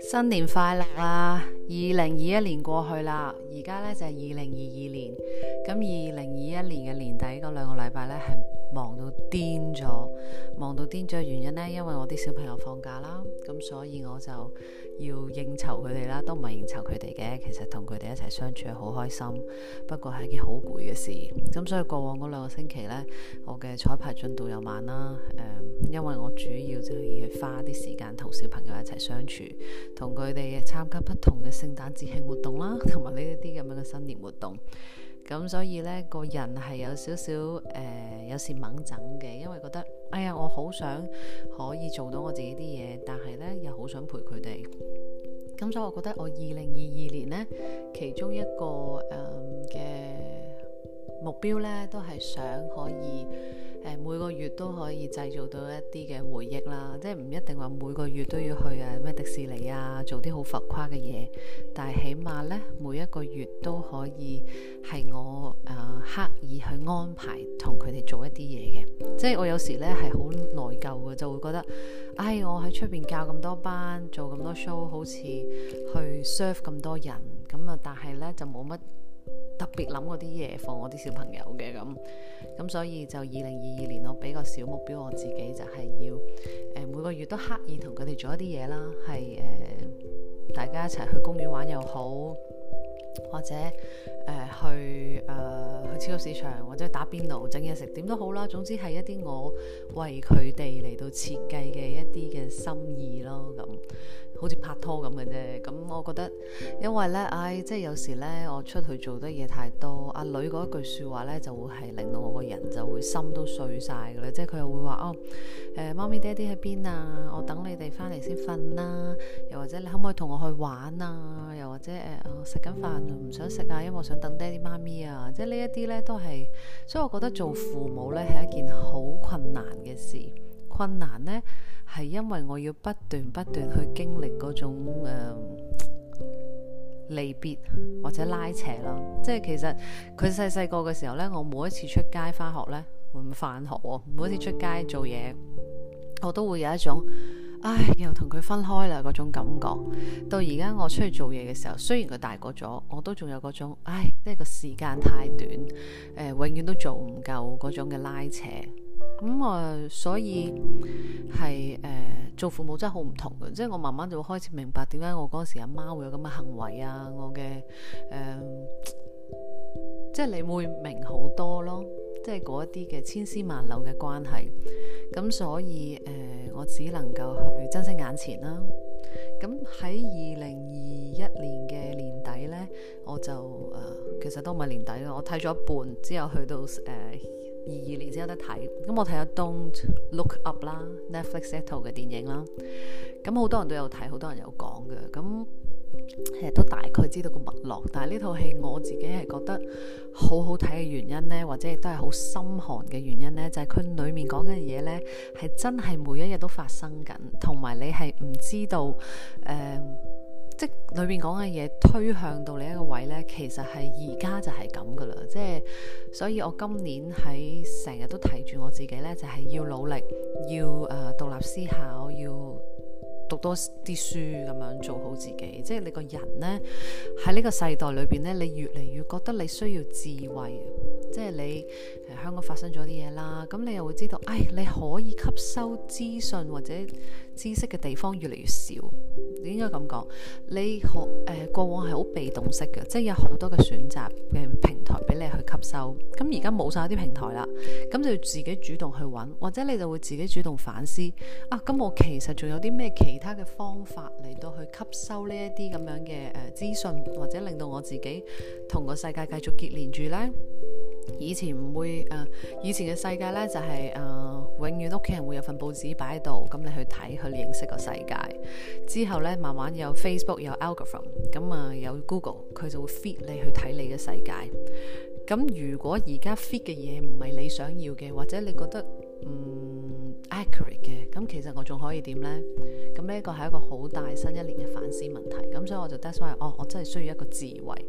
新年快樂啊！二零二一年過去啦，而家呢就係二零二二年。咁二零二一年嘅年底嗰兩個禮拜呢，係忙到癲咗，忙到癲咗嘅原因呢，因為我啲小朋友放假啦。咁所以我就要應酬佢哋啦，都唔係應酬佢哋嘅，其實同佢哋一齊相處好開心，不過係一件好攰嘅事。咁所以過往嗰兩個星期呢，我嘅彩排進度又慢啦，呃，因為我主要就要花啲時間同小朋友一齊相處，同佢哋參加不同嘅聖誕節慶活動啦，同埋呢一啲咁樣嘅新年活動。咁所以呢個人係有少少誒，有時掹整嘅，因為覺得。哎呀，我好想可以做到我自己啲嘢，但係呢又好想陪佢哋，咁所以我覺得我二零二二年呢，其中一個嗯、嘅目標呢，都係想可以。每個月都可以製造到一啲嘅回憶啦，即係唔一定話每個月都要去啊，咩迪士尼啊，做啲好浮誇嘅嘢，但係起碼呢，每一個月都可以係我誒、呃、刻意去安排同佢哋做一啲嘢嘅，即係我有時呢係好內疚嘅，就會覺得，唉，我喺出邊教咁多班，做咁多 show，好似去 serve 咁多人，咁啊但係呢就冇乜。特別諗嗰啲嘢，放我啲小朋友嘅咁，咁所以就二零二二年，我俾個小目標我自己，就係、是、要誒、呃、每個月都刻意同佢哋做一啲嘢啦，係誒、呃、大家一齊去公園玩又好，或者、呃、去誒、呃、去超級市場，或者打邊爐整嘢食，點都好啦。總之係一啲我為佢哋嚟到設計嘅一啲嘅心意咯咁。好似拍拖咁嘅啫，咁我覺得，因為呢，唉、哎，即係有時呢，我出去做得嘢太多，阿女嗰一句説話呢，就會係令到我個人就會心都碎晒嘅喇，即係佢又會話哦，誒、呃，媽咪爹哋喺邊啊？我等你哋翻嚟先瞓啦，又或者你可唔可以同我去玩啊？又或者誒、呃，我食緊飯唔想食啊，因為我想等爹哋媽咪啊，即係呢一啲呢，都係，所以我覺得做父母呢，係一件好困難嘅事，困難呢。係因為我要不斷不斷去經歷嗰種誒離別或者拉扯咯，即係其實佢細細個嘅時候呢，我每一次出街翻學呢，會唔會翻學喎、啊，每一次出街做嘢，我都會有一種，唉，又同佢分開啦嗰種感覺。到而家我出去做嘢嘅時候，雖然佢大個咗，我都仲有嗰種，唉，即係個時間太短，呃、永遠都做唔夠嗰種嘅拉扯。咁啊、嗯呃，所以係誒、呃、做父母真係好唔同嘅，即係我慢慢就會開始明白點解我嗰時阿媽會有咁嘅行為啊，我嘅、誒、呃，即係你會明好多咯，即係嗰一啲嘅千絲萬縷嘅關係。咁所以誒、呃，我只能夠去珍惜眼前啦。咁喺二零二一年嘅年底呢，我就誒、呃，其實都唔係年底啦，我睇咗一半之後去到誒。呃二二年先有得睇，咁我睇下《Don't Look Up》啦，Netflix 出嘅電影啦，咁好多人都有睇，好多人有講嘅，咁其實都大概知道個脈絡，但係呢套戲我自己係覺得好好睇嘅原因呢，或者亦都係好心寒嘅原因呢，就係、是、佢裡面講嘅嘢呢，係真係每一日都發生緊，同埋你係唔知道誒。呃即係裏邊講嘅嘢推向到你一個位呢，其實係而家就係咁噶啦。即係，所以我今年喺成日都睇住我自己呢，就係要努力，要誒獨立思考，要讀多啲書咁樣做好自己。即係你個人呢，喺呢個世代裏邊呢，你越嚟越覺得你需要智慧。即係你香港發生咗啲嘢啦，咁你又會知道，唉，你可以吸收資訊或者知識嘅地方越嚟越少。你應該咁講，你學誒、呃、過往係好被動式嘅，即係有好多嘅選擇嘅平台俾你去吸收。咁而家冇晒啲平台啦，咁就要自己主動去揾，或者你就會自己主動反思啊。咁我其實仲有啲咩其他嘅方法嚟到去吸收呢一啲咁樣嘅誒資訊，或者令到我自己同個世界繼續結連住呢？」以前唔會，誒、呃，以前嘅世界呢就係、是，誒、呃，永遠屋企人會有份報紙擺喺度，咁你去睇去認識個世界。之後呢，慢慢有 Facebook，有 Algorithm，咁啊有 Google，佢就會 feed 你去睇你嘅世界。咁如果而家 feed 嘅嘢唔係你想要嘅，或者你覺得，嗯。accurate 嘅，咁其實我仲可以點呢？咁呢一個係一個好大新一年嘅反思問題，咁所以我就得翻嚟，why，哦，我真係需要一個智慧，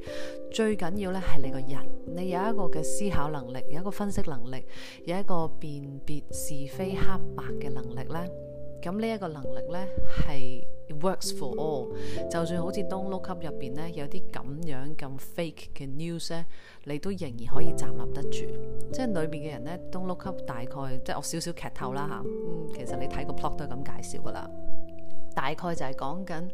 最緊要呢係你個人，你有一個嘅思考能力，有一個分析能力，有一個辨別是非黑白嘅能力呢。咁呢一個能力呢係。It works for all。就算好似《Don't Look Up》入邊呢，有啲咁樣咁 fake 嘅 news 呢，你都仍然可以站立得住。即係裏面嘅人呢，《Don't Look Up》大概即係我少少劇透啦吓、嗯。其實你睇個 plot 都係咁介紹噶啦。大概就係講緊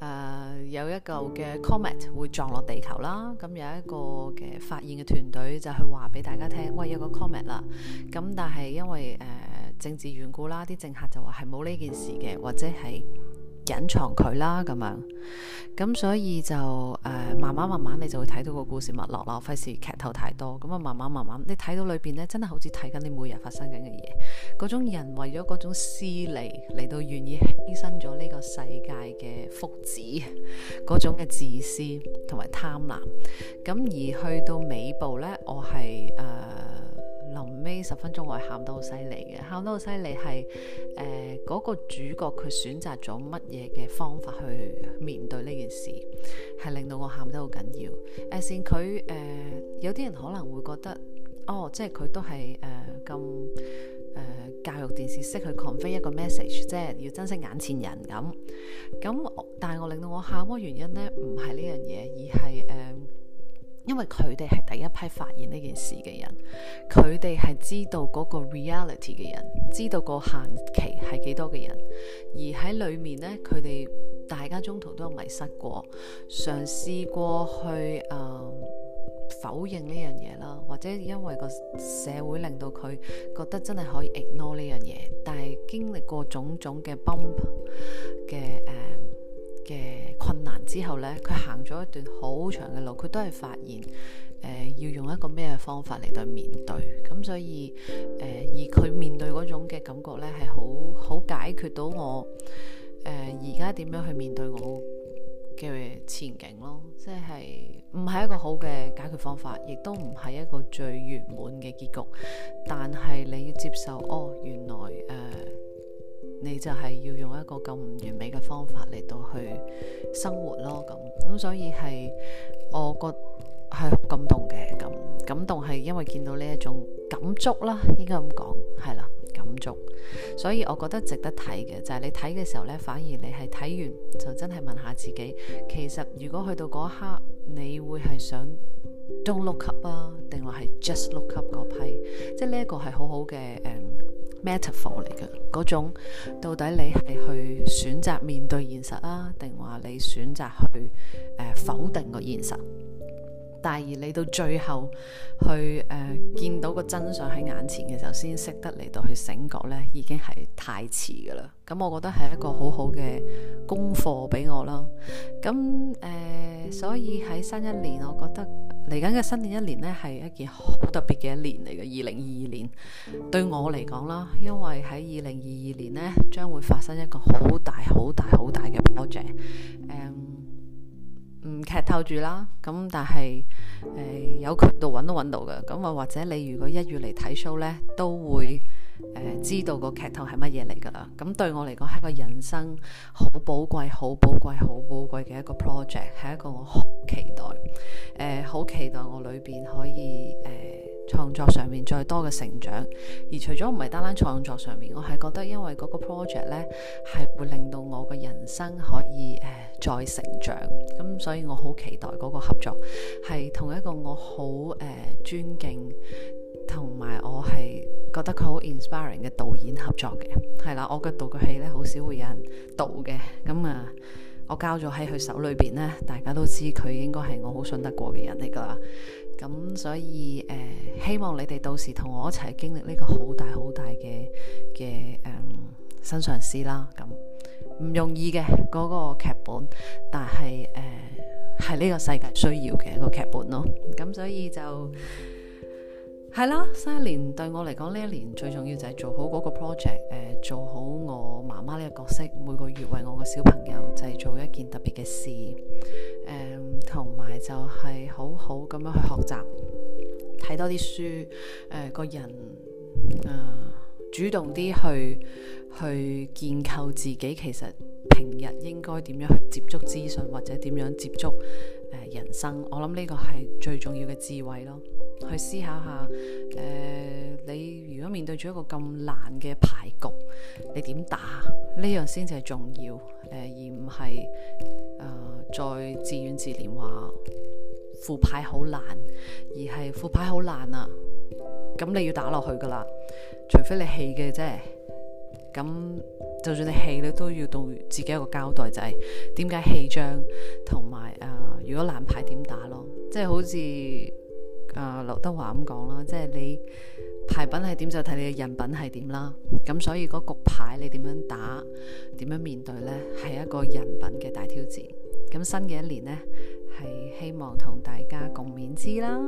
誒有一嚿嘅 comet 會撞落地球啦。咁有一個嘅發現嘅團隊就去話俾大家聽，喂，有個 comet 啦。咁但係因為誒、呃、政治緣故啦，啲政客就話係冇呢件事嘅，或者係。隱藏佢啦，咁樣咁，所以就誒、呃，慢慢慢慢你就會睇到個故事脈絡啦。費事劇透太多，咁啊，慢慢慢慢你睇到裏邊呢，真係好似睇緊你每日發生緊嘅嘢，嗰種人為咗嗰種私利嚟到願意犧牲咗呢個世界嘅福祉，嗰種嘅自私同埋貪婪咁，而去到尾部呢，我係誒。呃後尾十分鐘我係喊得好犀利嘅，喊得好犀利係誒嗰個主角佢選擇咗乜嘢嘅方法去面對呢件事，係令到我喊得好緊要。As in 佢誒，有啲人可能會覺得，哦，即係佢都係誒咁誒教育電視識去 convey 一個 message，即係要珍惜眼前人咁。咁但係我令到我喊個原因咧，唔係呢樣嘢，而係誒。呃因為佢哋係第一批發現呢件事嘅人，佢哋係知道嗰個 reality 嘅人，知道個限期係幾多嘅人，而喺裏面呢，佢哋大家中途都有迷失過，嘗試過去、呃、否認呢樣嘢啦，或者因為個社會令到佢覺得真係可以 ignore 呢樣嘢，但係經歷過種種嘅 bump 嘅誒。呃嘅困難之後呢，佢行咗一段好長嘅路，佢都係發現，誒、呃、要用一個咩方法嚟對面對，咁所以，誒、呃、而佢面對嗰種嘅感覺呢，係好好解決到我，誒而家點樣去面對我嘅前景咯，即係唔係一個好嘅解決方法，亦都唔係一個最圓滿嘅結局，但係你要接受，哦原來誒。呃你就係要用一個咁唔完美嘅方法嚟到去生活咯，咁咁所以係我覺係好感動嘅，咁感動係因為見到呢一種感觸啦，應該咁講係啦，感觸。所以我覺得值得睇嘅就係、是、你睇嘅時候呢，反而你係睇完就真係問下自己，其實如果去到嗰一刻，你會係想 Don't Look Up 啊，定話係 just look up 嗰批，即係呢一個係好好嘅誒。嗯 Metaphor 嚟嘅嗰種，到底你係去選擇面對現實啊，定話你選擇去、呃、否定個現實？但而你到最後去誒、呃、見到個真相喺眼前嘅時候，先識得嚟到去醒覺呢，已經係太遲噶啦。咁我覺得係一個好好嘅功課俾我啦。咁誒、呃，所以喺新一年，我覺得。嚟緊嘅新年一年呢，係一件好特別嘅一年嚟嘅。二零二二年對我嚟講啦，因為喺二零二二年呢，將會發生一個好大，好大、好大、好、um, 大、好大嘅 project。誒、呃，唔劇透住啦。咁但係有渠道揾都揾到嘅。咁啊，或者你如果一月嚟睇 show 呢，都會。呃、知道個劇透係乜嘢嚟噶啦？咁對我嚟講係一個人生好寶貴、好寶貴、好寶貴嘅一個 project，係一個我好期待，誒、呃，好期待我裏邊可以誒創、呃、作上面再多嘅成長。而除咗唔係單單創作上面，我係覺得因為嗰個 project 呢，係會令到我嘅人生可以誒、呃、再成長，咁所以我好期待嗰個合作係同一個我好誒、呃、尊敬。同埋我係覺得佢好 inspiring 嘅導演合作嘅，係啦，我嘅道具戲咧好少會有人導嘅，咁啊，我交咗喺佢手裏邊咧，大家都知佢應該係我好信得過嘅人嚟噶啦，咁所以誒、呃，希望你哋到時同我一齊經歷呢個好大好大嘅嘅誒新嘗試啦，咁唔容易嘅嗰、那個劇本，但係誒係呢個世界需要嘅一個劇本咯，咁所以就。係啦，新一年對我嚟講呢一年最重要就係做好嗰個 project，誒、呃，做好我媽媽呢個角色，每個月為我個小朋友就係做一件特別嘅事，誒、呃，同埋就係好好咁樣去學習，睇多啲書，誒、呃，個人啊、呃，主動啲去去建構自己，其實平日應該點樣去接觸資訊或者點樣接觸。誒，人生我諗呢個係最重要嘅智慧咯， 去思考下，誒、呃，你如果面對住一個咁難嘅牌局，你點打？呢樣先至係重要，誒、呃，而唔係誒再自怨自憐話副牌好難，而係副牌好難啊，咁你要打落去噶啦，除非你棄嘅啫，咁。就算你氣咧，都要到自己一個交代，就係點解氣仗同埋誒，如果爛牌點打咯？即係好似誒劉德華咁講啦，即係你牌品係點就睇你嘅人品係點啦。咁所以嗰局牌你點樣打，點樣面對呢，係一個人品嘅大挑戰。咁新嘅一年呢，係希望同大家共勉之啦。